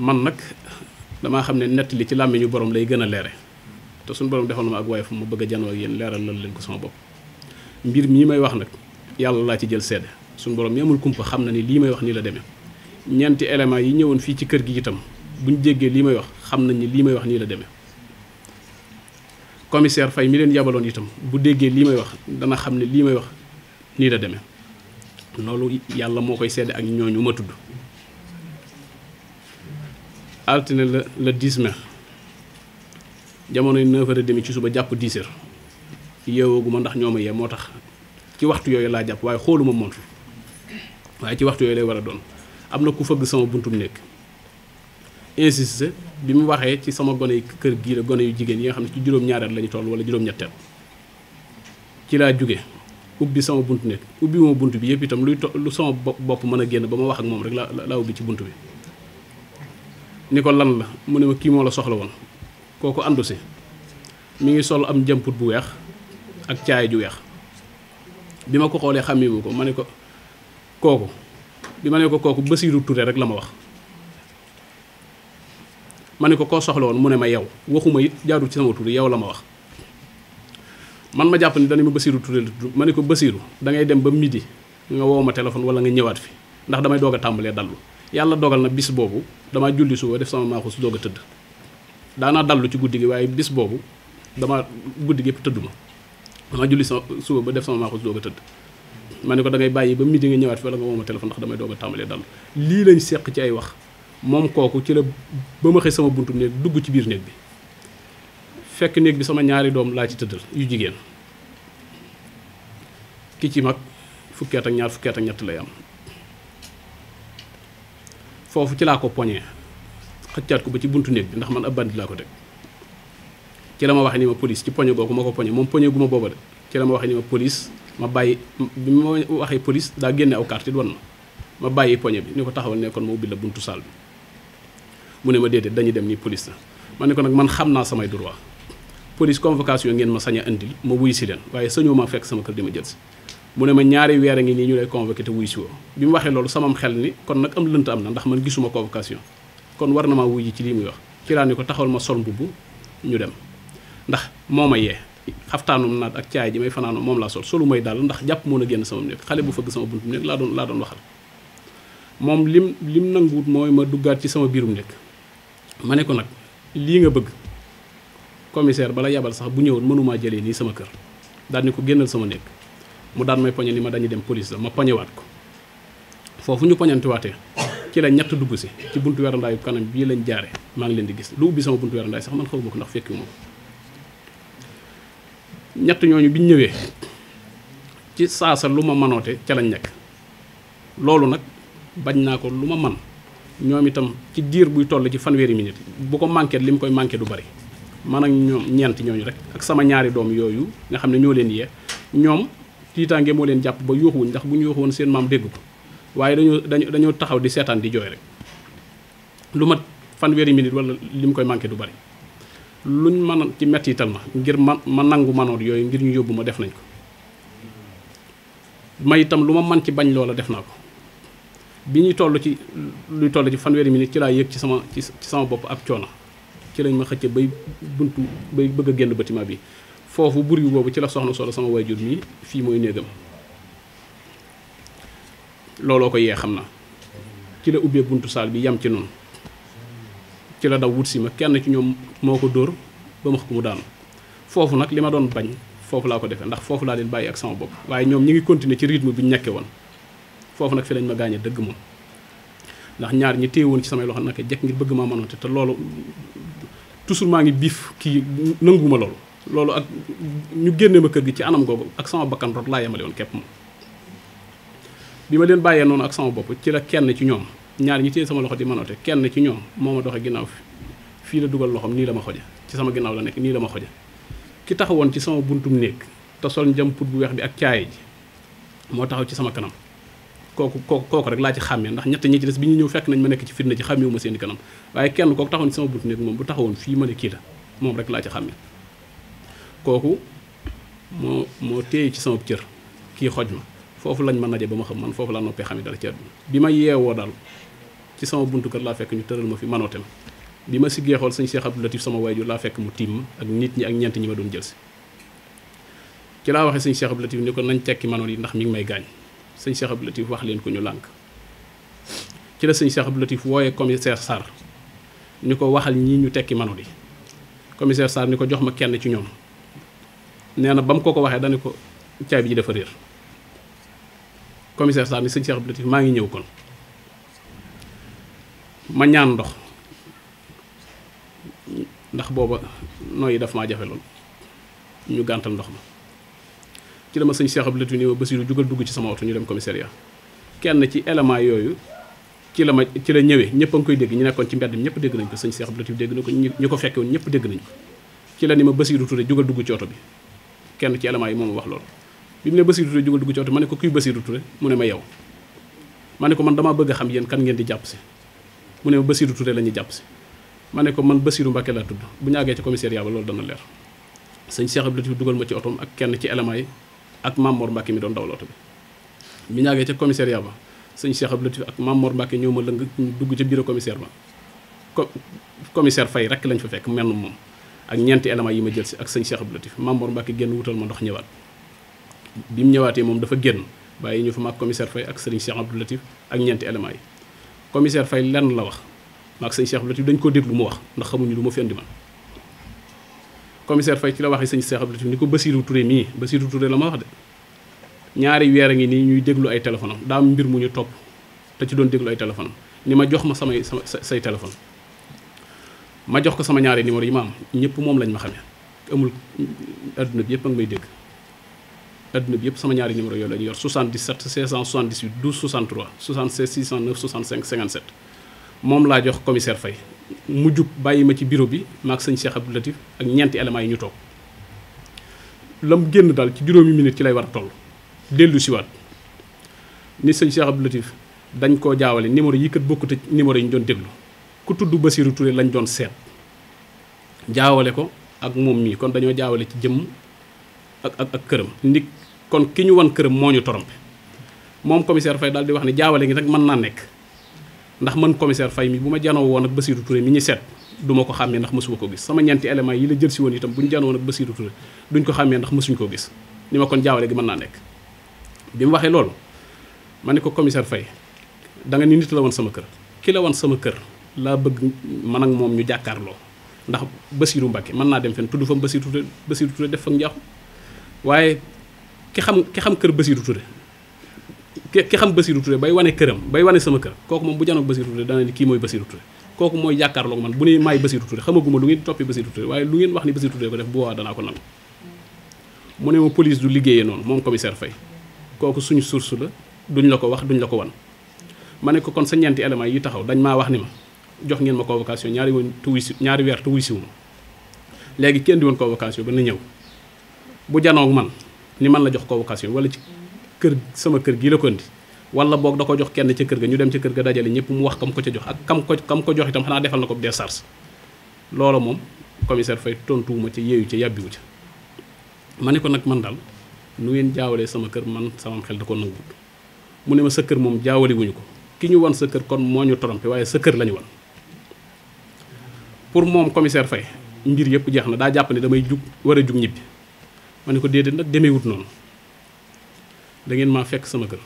man nag damaa xam ne nett li ci làmmiñu borom lay gën a leere te suñu borom defal ma ak waaye fu ma bëgg a janoo leeral lal leen ko sama bopp mbir mii may wax nag yàlla laa ci jël seede suñu borom mi amul kumpa xam na ni lii may wax nii la demee ñeenti éléments yi ñëwoon fii ci kër gi itam buñ jéggee lii may wax xam nañ ni lii may wax nii la demee commissaire Faye mi leen yabaloon itam bu déggee lii may wax dana xam ne lii may wax nii la demee loolu yàlla moo koy seede ak ñooñu ma tudd altine la le 10 mai jamono 9h30 ci suba japp 10h yeewoogu ma ndax ñoma ma motax ci waxtu yooyu laa jàpp waaye xooluma montre waaye ci waxtu yoy lay wara a doon am ku feug sama buntu nek insisté bi mu waxee ci sama gone keur kër gii la gone yu jigen yi nga xam ci juroom ñaareel lañu toll wala juroom ñetteel ci la jóge ubbi sama buntu nekk ubbi ma buntu bi yépp itam luy to lu sama bop bop mëna genn bama wax ak mom rek la la ubbi ci buntu bi ni ko lan la mu ne ma kii moo la soxla woon kooku andu si mi ngi sol am jëmput bu weex ak caay ju weex bi ma ko xoolee xàmmeewu ko ma ne ko kooku bi ma ne ko kooku basiru Ture rek la ma wax ma ne ko koo soxla woon mu ne ma yow waxuma it jaadu ci sama tur yow la ma wax man ma jàpp ni dana ma basiru Ture la ma ko basiru da ngay dem ba midi nga woo ma téléphone wala nga ñëwaat fi ndax damay doog a tàmbalee dallu yàlla dogal na bis boobu damaa julli suba def sama maaxus doog a tëdd daanaa dallu ci guddi gi waaye bis boobu damaa guddi gi yëpp tëdduma damaa julli sama suba ba def sama maaxus doog a tëdd ma ne ko da bàyyi ba midi nga ñëwaat fi wala nga woo ma téléphone ndax damay doog a tàmbalee dallu lii lañ seq ci ay wax moom kooku ci la ba ma xëy sama buntu néeg dugg ci biir néeg bi fekk néeg bi sama ñaari doom laa ci tëddal yu jigéen ki ci mag fukki ñaar fukki ñett lay am foofu ci laa ko poñee xëccaat ko ba ci buntu néeg bi ndax man ab bandi laa ko teg ci la ma wax ni ma police ci poñe googu ma ko poñe moom poñe gu ma booba de ci la ma waxee ni ma police ma bàyyi bi ma waxee police daa génne aw carte it wan ma ma bàyyi poñe bi ni ko taxawal ne kon ma ubbi la buntu saal bi mu ne ma déedéet dañuy dem nii police la ma ne ko nag man xam naa samay droit police convocation ngeen ma sañ a indil ma wuy si leen waaye sañoo ma fekk sama kër di ma jël si mu ne ma ñaari weer a ngi nii ñu lay convoquer te wuy bi mu waxee loolu samam xel ni kon nag am lënt am na ndax man gisuma convocation kon war na maa wuy ci lii muy wax ci laa ni ko taxawal ma sol mbubb ñu dem ndax moo yee xaftaanum naat ak caay ji may fanaanoo moom laa sol solu may dal ndax jàpp moo na génn sama néeg xale bu fëgg sama buntu laa doon laa doon waxal moom lim lim nanguwut mooy ma duggaat ci sama biirum néeg ma ne ko nag lii nga bëgg commissaire bala yabal sax bu ñëwoon mënumaa jëlee nii sama kër daal ni ko génnal sama mu daan may poñe ni ma dañuy dem police la ma poñewaat ko foofu ñu poñantiwaatee ci la ñett dugg si ci buntu werandaayu kanam bii lañ jaare maa ngi leen di gis lu ubbi sama buntu werandaay sax man xawma ko ndax fekki moom ñett ñooñu biñ ñëwee ci saasa lu ma manoote ca la nekk loolu nag bañ naa ko lu ma man ñoom itam ci diir buy toll ci fanweeri minute bu ko manqué li mu koy manqué du bari man ak ñoom ñeent ñooñu rek ak sama ñaari doom yooyu nga xam ne ñoo leen yee ñoom tiitaange moo leen jàpp ba yuuxuwuñ ndax bu ñu yuuxuwoon seen maam dégg ko waaye dañu dañu dañoo taxaw di seetaan di jooy rek lu mat fanweeri minute wala li mu koy manqué du bari luñ man ci mettital ma ngir ma ma nangu manoot yooyu ngir ñu yóbbu ma def nañ ko ma itam lu ma man ci bañ loola def naa ko bi ñuy toll ci luy toll ci fanweeri minute ci laa yëg ci sama ci sama bopp ab coono ci lañ ma xëcce bay buntu bay bëgg a génn bâtiment bi foofu bur boobu ci la soxna solo sama waajur mii fii mooy néegam looloo ko yee xam na ci la ubbee buntu saal bi yam ci noonu ci la daw wut si ma kenn ci ñoom moo ko dóor ba max ku mu daanu foofu nag li ma doon bañ foofu laa ko defee ndax foofu laa leen bàyyi ak sama bopp waaye ñoom ñi ngi continuer ci rythme bi ñu nekkee woon foofu nag fi lañ ma gaañe dëgg moom ndax ñaar ñi téye woon ci samay loxo naka jekk ngir bëgg maa mënoon te loolu toujours maa ngi biif kii nanguma loolu ak ñu génnee ma kër gi ci anam googu ak sama bakkan rot laa yemale woon kepp moom bi ma leen bàyyee noonu ak sama bopp ci la kenn ci ñoom ñaar ñi sama loxo di manoote kenn ci ñoom moo ma doxe ginnaaw fi fii la dugal loxoom nii ci sama ginnaaw la nekk nii la ma xoje ki taxawoon ci sama buntum néeg te sol njam put bu weex ak caaye ji moo taxaw ci sama kanam kooku kooku kooku rek laa ñu ñëw fekk nañ ma nekk ci fitna ji xàmmeewu kenn kooku taxawoon ci sama buntu néeg moom bu taxawoon fii ma ne kii la moom rek laa ci xàmmee kooku moo moo téye ci sama cër kii xoj ma foofu lañ ma naje ba ma xam man foofu laa noppee xam ne dara ci àdduna bi ma yeewoo daal ci sama buntu kër laa fekk ñu tëral ma fi manoote ma bi ma siggee xool sëñ Cheikh Abdou Latif sama waajur laa fekk mu tiim ak nit ñi ak ñeent ñi ma doon jël si ci laa waxee sëñ Cheikh Abdou Latif ni ko nañ tekki manoon yi ndax mi ngi may gaañ sëñ Cheikh Abdou Latif wax leen ko ñu lànk ci la sëñ Cheikh Abdou Latif wooyee commissaire Sarr ñu ko waxal ñii ñu tekki manoon yi commissaire Sarr ni ko jox ma kenn ci ñoom nee na ba mu ko ko waxee dana ko caabi ji dafa réer commissaire saa ni sëñ Cheikh Abdou maa ngi ñëw kon ma ñaan ndox ndax booba nooyi daf maa jafe lool ñu gàntal ndox ma ci dama sëñ Cheikh Abdou Latif ni ma Basiru jugal dugg ci sama oto ñu dem commissariat kenn ci élément yooyu ci la ma ci la ñëwee ñëpp a koy dégg ñu nekkoon ci mbedd mi ñëpp dégg nañ ko sëñ Cheikh Abdou Latif dégg na ko ñi ko fekke woon ñëpp dégg nañ ko ci la ni ma Basiru Touré jugal dugg ci bi kenn ci éléments yi moom wax loolu bi mu ne Bassirou Touré jógal dugg ci oto ma ne ko kuy Bassirou Touré mu ne ma yow ma ne ko man damaa bëgg xam yéen kan ngeen di jàpp si mu ne ma Bassirou Touré la ñuy jàpp si ma ne ko man Bassirou Mbacke laa tudd bu ñu àggee ci commissariat ba loolu dana leer sëñ Cheikh Abdou Latif dugal ma ci otom ak kenn ci éléments yi ak Mamor Mbacke mi doon dawal bu ñu ca commissariat ba sëñ Cheikh Abdou Latif ak Mamor Mbacke ñoo ma lëng dugg ca bureau commissaire ba commissaire fay rek lañ fa fekk menn moom ak ñeenti éléments yi ma jël si ak sëñ Cheikh Abdou Latif Mamor Mbacke génn wutal ma ndox ñëwaat bi mu ñëwaatee moom dafa génn bàyyi ñu fa maag commissaire Faye ak sëriñ Cheikh Abdou Latif ak ñeenti éléments yi commissaire Faye la wax maag sëñ Cheikh Abdou Latif dañ koo déglu mu wax ndax xamuñu lu ma fi andi man commissaire Faye ci la waxee sëñ Cheikh Abdou Latif ni ko Basirou Touré mii Basirou Touré la ma wax de ñaari weer a ngi nii ñuy déglu ay téléphone am daa mbir mu ñu topp te ci doon déglu ay téléphone am ni ma jox ma samay say téléphone ma jox ko sama ñaari numéro yi ma am ñëpp moom lañ ma xamee amul adduna bi yëpp ak may dégg adduna bi yëpp sama ñaari numéro yooyu la ñu yor 77 678 12 63 76 609 65 57 moom laa jox commissaire Faye mu jub bàyyi ma ci bureau bi maak sëñ Cheikh Abdou Latif ak ñeenti éléments yi ñu toog lam génn daal ci juróomi minute ci lay war a toll dellu siwaat ni sëñ Cheikh Abdou Latif dañ koo jaawale numéro yi kat bokkut ak numéro yi ñu doon déglu ku tudd Bassirou Touré lañ doon seet jaawale ko ak moom mii kon dañoo jaawale ci jëmm ak ak ak këram ndik kon ki ñu wan këram moo ñu torompe moom commissaire Faye daal di wax ne jaawale gi nag mën naa nekk ndax mën commissaire Faye mi bu ma janoo woon ak Bassirou Touré mi ñu seet du ma ko xàmmee ndax mësuma ko gis sama ñeenti éléments yi la jël si woon itam bu ñu janoo woon ak Bassirou Touré duñ ko xàmmee ndax mësuñ ko gis ni ma kon jaawale gi mën naa nekk bi mu waxee loolu ma ne ko commissaire Faye da nga ni la woon sama kër ki woon sama kër laa bëgg man ak moom ñu jàkkaarloo ndax Basiiru Mbàkke mën naa dem fen tudd fa Basiiru Touré Basiiru Touré def fa njaaxum waaye ki xam ki xam kër Basiiru Touré ki xam Basiiru Touré bay wane këram bay wane sama kër kooku moom bu janoog Basiiru Touré dana ni kii mooy Basiiru Touré kooku mooy jàkkaarloo man bu ne maay Basiiru Touré xamaguma lu ngeen toppee Basiiru Touré waaye lu ngeen wax ni Basiiru Touré ko def bu boobaa danaa ko nangu mu ne ma police du liggéeye noonu moom commissaire Faye kooku suñu source la duñ la ko wax duñ la ko wan ma ne ko kon sa ñeenti yi taxaw dañ maa wax ni ma jox ngeen ma convocation ñaari woon tu wuy weer tu wuy ma léegi kenn di woon convocation ba na ñëw bu janoog man ni man la jox convocation wala ci kër sama kër gii la ko indi wala boog da ko jox kenn ca kër gi ñu dem ca kër ga dajale ñëpp mu wax kam ko ca jox ak kam ko ko jox itam xanaa defal na ko décharge loolu moom commissaire Faye tontuwuma ci yeeyu ca yàbbiwu ca ma ne ko nag man daal nu ngeen jaawalee sama kër man sama xel da ko nanguwut mu ne ma sa kër moom jaawale ko ki ñu wan sa kër kon moo ñu trompé waaye sa kër la ñu wan pour moom commissaire fay mbir yep jeex na da jàpp ne damay juk wara juk jug ñibbi ma ne ko déedéet non demeewut noonu da ngeen ma fekk sama kër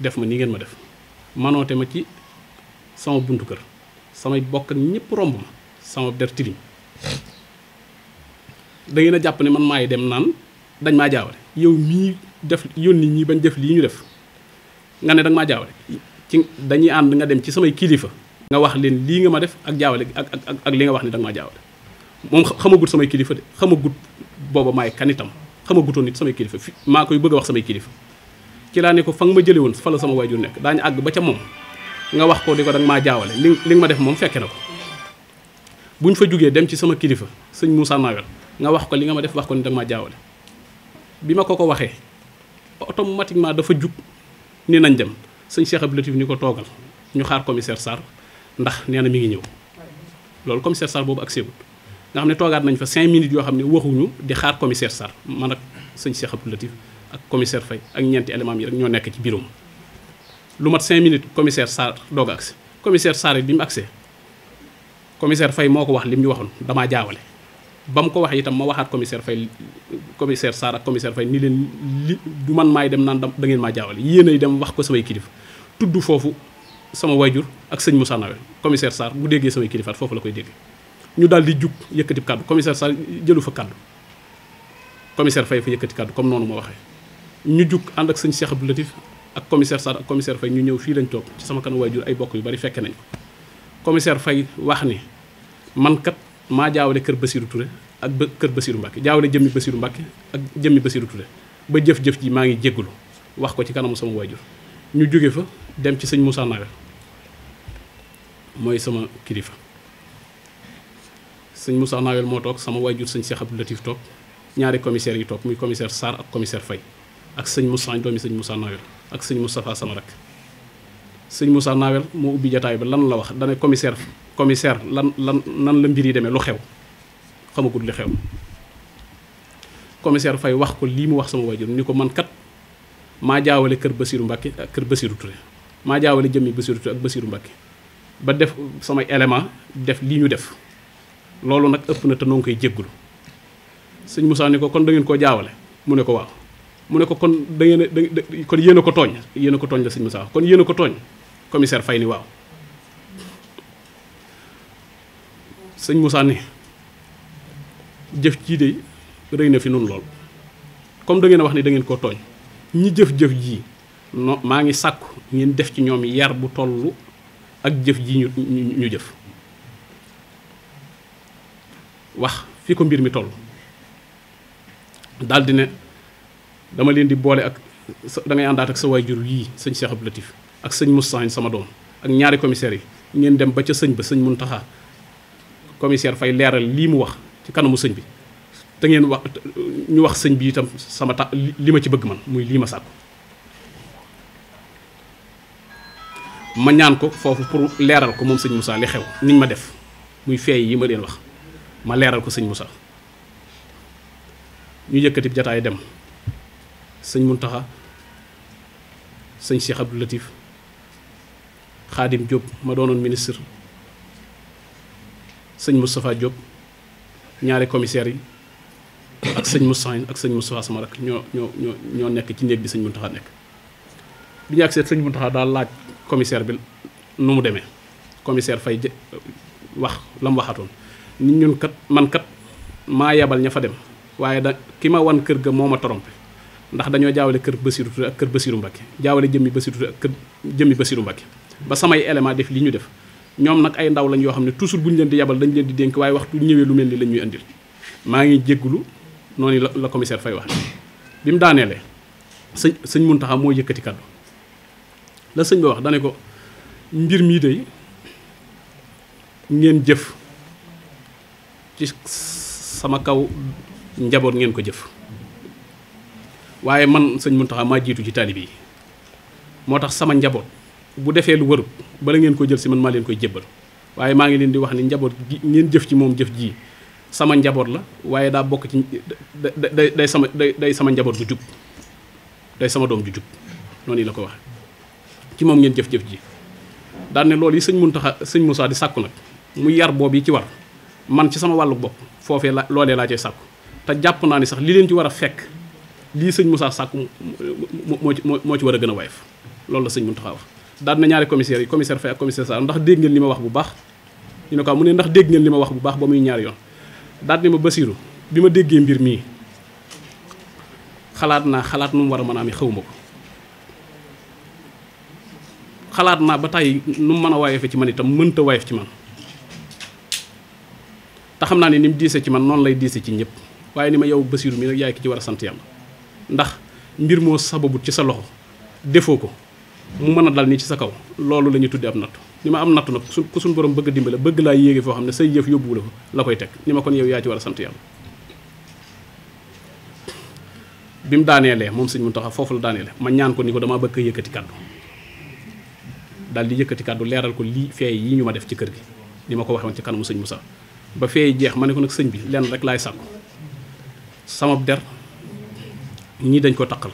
def ma ni ngeen ma def manoté ma ci sama buntu kër sama bokk ñepp romb ma sama der tirim da ngeen japp ne man may dem nan dañ ma jaawale yow mi def yónni ñi bañ def li ñu def nga ne danga ma jaawale ci dañuy and nga dem ci sama kilifa nga wax leen lii nga ma def ak jaawale ak ak ak li nga wax ni da nga maa jaawale moom xamagut samay kilifa de xamagut booba maay kan itam xamagutoon nit samay kilifa fi maa koy bëgg wax samay kilifa ci laa ne ko ma jële woon fa la sama waajur nekk daañu àgg ba ca moom nga wax ko di ko da maa jaawale li li ma def moom fekke na ko fa jógee dem ci sama kilifa sëñ Moussa Nawel nga wax ko li nga ma def wax ko ni jaawale bi ma ko ko waxee automatiquement dafa jug ni nañ dem sëñ Cheikh Abdou Latif ni ko toogal ñu xaar commissaire Sarr ndax nee na mi ngi ñëw loolu commissaire Sarr boobu ak séebut nga xam ne toogaat nañ fa 5 minutes yoo xam ne waxuñu di xaar commissaire Sarr man ak sëñ Cheikh Abdou Latif ak commissaire Faye ak ñeenti élément yi rek ñoo nekk ci biirum lu mat 5 minutes commissaire Sarr doog a agsi commissaire Sarr it bi mu agsee commissaire fay moo ko wax li mu waxoon damaa jaawale ba mu ko wax itam ma waxaat commissaire Faye commissaire Sarr ak commissaire Faye leen li man maay dem naan da ngeen maa jaawale yéenay dem wax ko samay kilifa tudd sama wajur ak seigne Moussa nawel commissaire sar bu déggé sama kilifat fofu la koy dégg ñu dal di juk yëkëti kaddu commissaire sar jëlu fa kàddu commissaire fay fa yëkëti kaddu comme nonu ma waxé ñu juk and ak seigne Cheikh Abdou Latif ak commissaire sar ak commissaire fay ñu ñëw fi lañ toog ci sama kan wajur ay bokk yu bari fekk nañ commissaire fay wax ni man kat ma jaawale kër Basirou Touré ak kër Basirou mbacké jaawale jëmmi Basirou mbacké ak jëmmi Basirou Touré ba jëf-jëf ji ma ngi jéggulu wax ko ci kanamu sama wajur ñu jóge fa dem ci seigne Moussa nawel mooy sama kilifa sëñ Moussa Nawel moo toog sama waajur sëñ Cheikh Abdou Latif toog ñaari commissaires yi toog muy commissaire Sarr ak commissaire Faye ak sëñ Moussa doomi sëñ Moussa Nawel ak sëñ Moustapha sama rak sëñ Moussa Nawel moo ubbi jataay bi lan la wax dane commissaire commissaire lan lan nan la mbir yi demee lu xew xamagul li xew commissaire Faye wax ko lii mu wax sama waajur ni ko man kat maa jaawale kër Basirou Mbacke ak kër Basirou Touré maa jaawale jëmmi Basirou Touré ak Basirou Mbacke ba def samay élément def li ñu def loolu nag ëpp na te noo koy jéggulu sëñ Moussa ni ko kon dangeen koo jaawale mu ne ko waaw mu ne ko kon dangeen ngeen kon yéen a ko tooñ yéen a ko tooñ la sëñ Moussa kon yéen ko tooñ commissaire fay waaw sëñ Moussa ni jëf jii de rëy na fi nun lool comme dangeen wax ni da ngeen koo tooñ ñi jëf-jëf jii no maa ngi sàkku ngeen def ci ñoom yar bu tollu ak jëf ji ñu ñu jëf wax fi ko mbir mi toll daldi ne dama leen di boole ak da ngay àndaat ak sa waajur yii sëñ Cheikh Abdou Latif ak sëñ Moussa sama doom ak ñaari commissaire yi ngeen dem ba ca sëñ ba sëñ Muntaxa commissaire fay leeral lii mu wax ci kanamu sëñ bi te ngeen wax ñu wax sëñ bi itam sama ta ci bëgg man muy lii ma ma ñaan ko foofu pour leeral ko moom sëñ Moussa li xew niñ ma def muy feey yi ma leen wax ma leeral ko sëñ Moussa ñu yëkkati jataay dem sëñ Muntaxa sëñ Cheikh Abdou Latif Xaadim Diop ma doonoon ministre sëñ Moustapha Diop ñaari commissaires yi ak sëñ Moussa ak sëñ Moustapha sama rakk ñoo ñoo ñoo ñoo nekk ci néeg bi sëñ Muntaxa nekk bi ñu agsee sëñ Muntaxa daal laaj commissaire bi nu mu demee commissaire fay wax la mu waxatoon ñun kat man kat maa yebal ña fa dem waaye da ki ma wan kër ga moo ma trompé ndax dañoo jaawale kër Bassirou Touré ak kër Bassirou Mbacké jaawale jëmmi Bassirou Touré ak kër jëmmi Bassirou Mbacké ba samay élément def li ñu def ñoom nag ay ndaw lañ yoo xam ne toujours leen di yebal dañ leen di dénk waaye waxtu ñëwee lu mel ni ñuy andil maa ngi jéggulu noonu la commissaire fay wax bi mu daaneele sëñ sëñ Muntaxa moo yëkkati kàddu la sëñ ba wax dane ko mbir mii day ngeen jëf ci sama kaw njaboot ngeen ko jëf waaye man sëñ Muntaxa maa jiitu ci taalibe yi moo tax sama njaboot bu defee lu warut bala ngeen ko jël si man maa leen koy jëbbal waaye maa ngi leen di wax ni njaboot gi ngeen jëf ci moom jëf ji sama njaboot la waaye daa bokk ci day day sama day sama njaboot gu jub day sama doom ju jub noonu la ko wax ci mom ngeen jëf-jëf ji daal ne loolu yi sëñ Muntaxa sëñ Moussa di sàkku nag mu yar boobu yi ci war man ci sama wàllu bopp foofee la loolee laa cay sàkku te jàpp naa ni sax li leen ci war a fekk lii sëñ musa sàkku moo ci moo ci war a gën a wayef loolu la sëñ Muntaxa wax daal na ñaari commissaire yi commissaire fay ak commissaire sa ndax dégg ngeen li ma wax bu baax ñu ne ko mu ne ndax dégg ngeen li ma wax bu baax ba muy ñaari yoon daal ne ma Basiru bi ma déggee mbir mii xalaat naa xalaat nu mu war a mën a amee ko xalaat naa ba tey nu mu mën a wayefe ci man itam mënta wayef ci man te naa ne ni mu diise ci man noonu lay diise ci ñëpp waaye ni ma yow Basiiru mi nag yaay ki ci war a sant yàlla ndax mbir moo sababu ci sa loxo defoo ko mu mën a dal nii ci sa kaw loolu la ñuy tuddi am nattu ni ma am nattu nag su ku suñ borom bëgg dimbale bëgg laa yéege foo xam ne say yëf yóbbuwula fa la koy teg ni ma kon yow yaa ci war a sant yàlla bi mu daaneelee moom sëñ Muntaxa foofu la daaneele ma ñaan ko ni ko damaa bëgg a yëkkati kàddu daal di yëkkati kàddu leeral ko lii fee yi ñu ma def ci kër gi ni ma ko waxee ci kanamu sëñ sax ba fee jeex ma ne ko nag sëñ bi lenn rek laay sàkku sama der ñii dañ ko taqal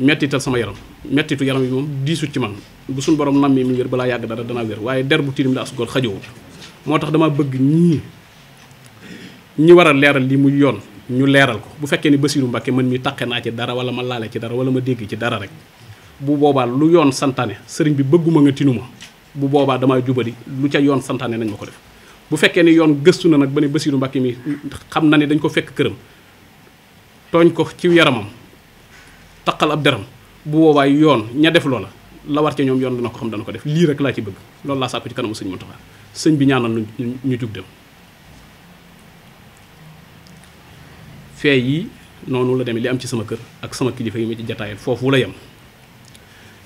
mettital sama yaram mettitu yaram yi moom diisut ci man bu suñ borom nammee mu wér balaa yàgg dara danaa wér waaye der bu tilim la asgoor xajowut moo tax dama bëgg ñii ñi war leeral li muy yoon ñu leeral ko bu fekkee ne Basiiru Mbàkke man mi taqe naa ci dara wala ma laale ci dara wala ma dégg ci dara rek bu boobaa lu yoon santaane sëriñ bi bëgguma nga tinu ma bu boobaa damaa jubali lu ca yoon santaane nañ ma ko def bu fekkee ni yoon gëstu na nag ba ne Basiiru Mbàkke mi xam na ne dañ ko fekk këram tooñ ko ci yaramam taqal ab deram bu boobaa yoon ña def loola la war ca ñoom yoon dana ko xam dana ko def lii rek laa ci bëgg loolu laa sàkku ci kanamu sëñ Muntaxa sëñ bi ñaanal ñu ñu jug dem feey yi noonu la demee li am ci sama kër ak sama kilifa yi ma ci jataayal foofu la yem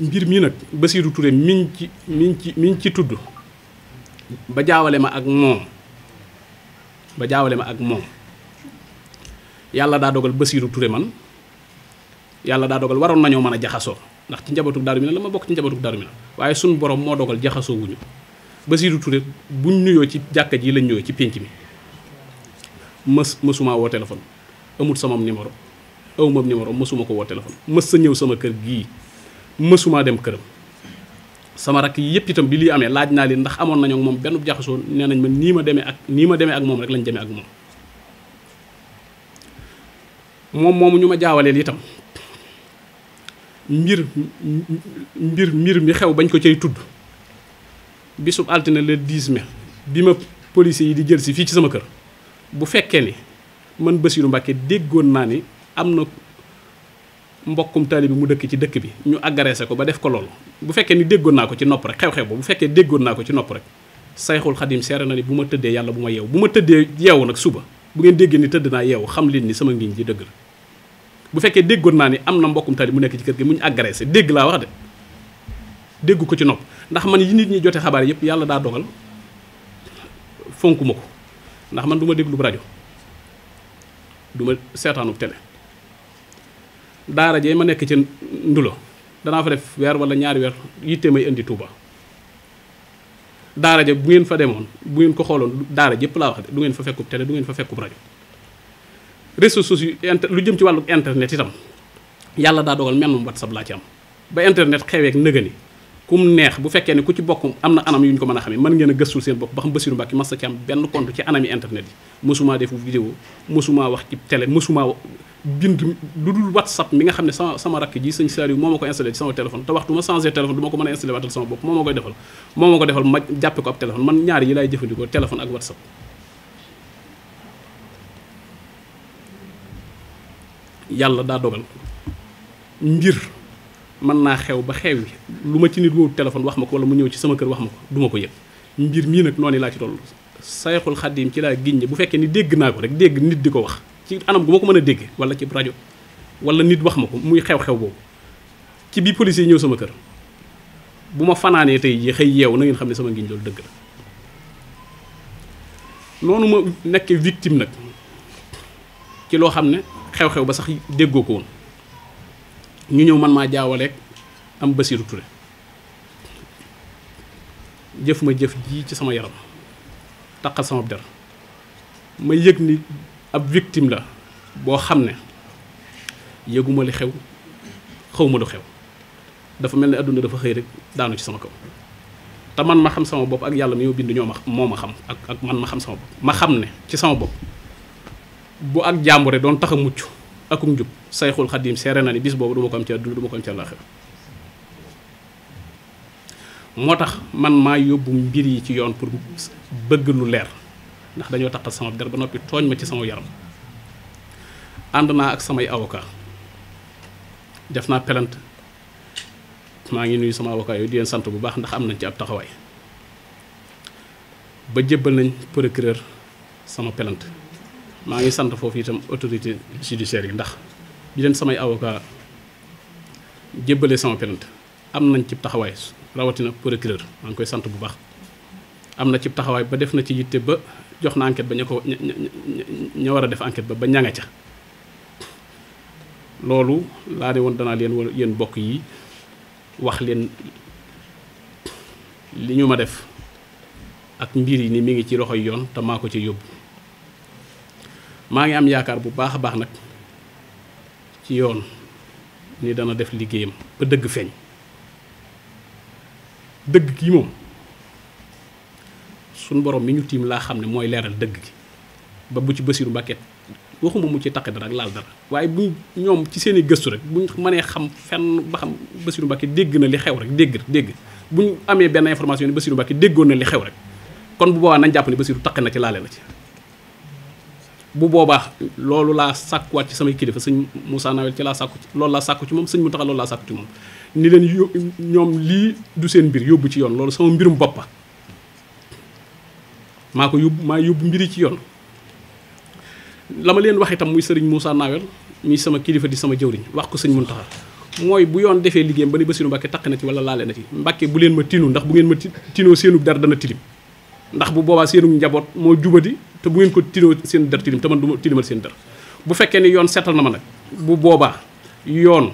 mbir mii nag basiiru Touré miñ ci miñ ci miñ ci tudd ba jaawale ma ak moom ba jaawale ma ak moom yàlla daa dogal Bassirou Touré man yàlla daa dogal waroon nañoo mën a jaxasoo ndax ci njabootu Daaru Minam la ma bokk ci njabootu Daaru Minam waaye suñ borom moo dogal jaxasoo wuñu Bassirou Touré buñ nuyoo ci jàkka ji lañ ñëwee ci pénc mi mës mësumaa woo téléphone amut sama numéro awmam numéro mësuma ko woo téléphone mës sa ñëw sama kër gii mësumaa dem këram sama rakk yi yëpp itam bi lii amee laaj naa leen ndax amoon nañoo moom benn jaxasoo nee nañ ma nii ma demee ak nii ma demee ak moom rek lañ demee ak moom moom moomu ñu ma jaawaleel itam mbir mbir mbir mi xew bañ ko cay tudd bisu altine le 10 mai bi ma policiers yi di jël si fii ci sama kër bu fekkee ni man Bassirou Mbacké déggoon naa ni am na mbokkum taalibe bi mu dëkk ci dëkk bi ñu agressé ko ba def ko loolu bu fekkee ni déggoon naa ko ci nopp rek xew-xew bu fekkee déggoon ko ci nopp rek sayxul xadim seere na ni bu ma tëddee yàlla bu ma yeew bu ma tëddee yeewu nag suba bu ngeen déggee ni tëdd naa yeewu xam leen ni sama ngiñ ji dëgg la bu fekkee déggoon naa ni am na mbokkum taalibe mu nekk ci kër gi mu ñu agressé dégg laa wax de dégg ko ci nopp ndax man yi nit ñi jote xabaar yëpp yàlla daa dogal fonku ko ndax man du ma déglu rajo du ma seetaanu daara jee ma nekk ca ndulo danaa fa def weer wala ñaari weer yitte may indi Touba daara ja bu ngeen fa demoon bu ngeen ko xooloon daara jëpp laa wax du ngeen fa fekkub télé du ngeen fa fekkub rajo réseaux sociaux lu jëm ci wàllu internet itam yàlla daa dogal mennum whatsapp laa ci am ba internet xeweek nëgëni kum neex bu fekkee ne ku ci bokk am na anam yu ñu ko mën a xamee mën ngeen gëstul seen bopp ba xam Bassirou Mbacké mas ci am benn compte ci anami internet yi mosuma defu vidéo mosuma wax ci télé mosuma bind lu dul whatsapp mi nga xam ne sama sama rakk ji sëñ Saliou moo ma ko installé ci sama téléphone te waxtu ma changé téléphone du ma ko mën a installé waatal sama bopp moo ma koy defal ma jàppe ko ab téléphone man ñaar yi laay jëfandikoo ak whatsapp yàlla daa dogal mbir mën naa xew ba xew yi lu ma ci nit woowu téléphone wax ma ko wala mu ñëw ci sama kër wax ma ko du ko yëg mbir mii nag noonu laa ci toll sayxul xaddim ci laa giññe bu fekkee ni dégg naa ko rek dégg nit di ko wax ci anam gu ma ko mën a dégg wala ci rajo wala nit wax ma ko muy xew-xew boobu ci biir police yi ñëw sama kër bu ma fanaanee tey jii xëy yeew na xam ne sama ngiñ loolu dëgg la noonu ma nekke victime nag ci loo xam ne xew-xew ba sax déggoo ko woon ñu ñëw man maa jaawaleeg am Basiru Ture jëf ma jëf ji ci sama yaram taqal sama der ma yëg ni ab wiktim la boo xam ne yëguma li xew ma lu xew dafa mel ne adduna dafa xëy rek daanu ci sama kaw te man ma xam sama bopp ak yàlla mi yow bind ñoo ma moo ma xam ak ak man ma xam sama bopp ma xam ne ci sama bopp bu ak jàmbure doon tax mucc akum njub sayxul xadim seere na ni bis boobu du ma ko du ma ko moo tax man maa yóbbu mbir yi ci yoon pour bëgg lu leer ndax dañoo taqal sama der ba noppi tooñ ma ci sama yaram ànd naa ak samay avocat def naa pelante maa ngi nuyu sama avocat yooyu di leen sant bu baax ndax am nañ ci ab taxawaay ba jébbal nañ procureur sama pelant maa ngi sant foofu itam autorité judiciaire yi ndax bi leen samay avocat jébbalee sama pelante am nañ ci taxawaay rawatina procureur maa ngi koy sant bu baax am na ci taxawaay ba def na ci yitte ba jox na enquête ba ña ko ña war a def enquête ba ba ñanga ca loolu laa ne woon danaa leen yéen bokk yi wax leen li ñu def ak mbir yi ni mi ngi ci loxoy yoon te maa ko ci yóbbu maa ngi am yaakaar bu baax a baax nag ci yoon ni dana def liggéeyam ba dëgg feeñ dëgg kii moom suñ borom mi ñu tiim laa xam ne mooy leeral dëgg gi ba bu ci Basiru Mbàkke waxuma mu ci taqi dara ak laal dara waaye bu ñoom ci seen i gëstu rek buñ mënee xam fenn ba xam Basiru Mbàkke dégg na li xew rek dégg dégg buñ amee benn information ni Basiru déggoon na li xew rek kon bu boobaa nañ jàpp ne Basiru na ci laale na ci bu boobaa loolu laa sàkkuwaat ci samay kilifa sëñ Moussa Nawel ci laa sàkku loolu laa sàkku ci moom sëñ mu taxa loolu laa sàkku ci moom ni leen ñoom lii du seen yóbbu ci yoon loolu sama mbirum boppa maa yub ma yub mbiri ci yoon lama ma leen wax itam muy serigne Moussa Nawel mi sama kilifa di sama jëwriñ wax ko serigne muntaha moy bu yoon defé liggéeyam ba ni Bassirou mbacké tak na ci wala laale na ci mbacké bu leen ma tinu ndax bu ngeen ma tinoo seenub dar dana tilim ndax bu boba seenu njabot mo jubadi te bu ngeen ko tinoo seen dar tilim te man duma tilimal seen dar bu fekké ni yoon sétal na ma nak bu boba yoon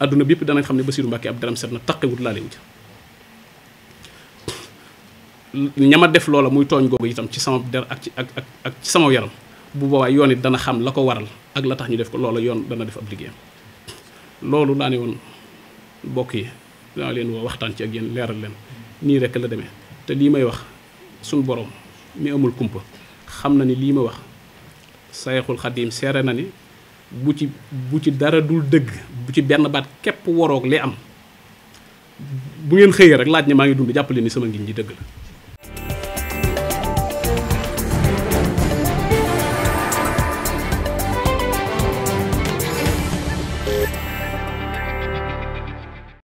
aduna bipp dana xam ne Bassirou Mbacke ab daram set na wu ci ñama def loola muy tooñ googu itam ci sama der ak ci ak ak ak ci sama yaram bu boobaa yoon it dana xam la ko waral ak la tax ñu def ko loola yoon dana def ab liggéeyam loolu laa ne woon mbokk yi dana leen woo waxtaan ci ak yéen leeral leen nii rekk la demee te lii may wax suñu borom mi amul kumpa xam na ni lii ma wax sayxul xadim seere na ni bu ci bu ci dara dul dëgg bu ci benn baat képp waroog li am bu ngeen xëyee rek laaj ne maa ngi dund jàppale ni sama ngiñ ji dëgg la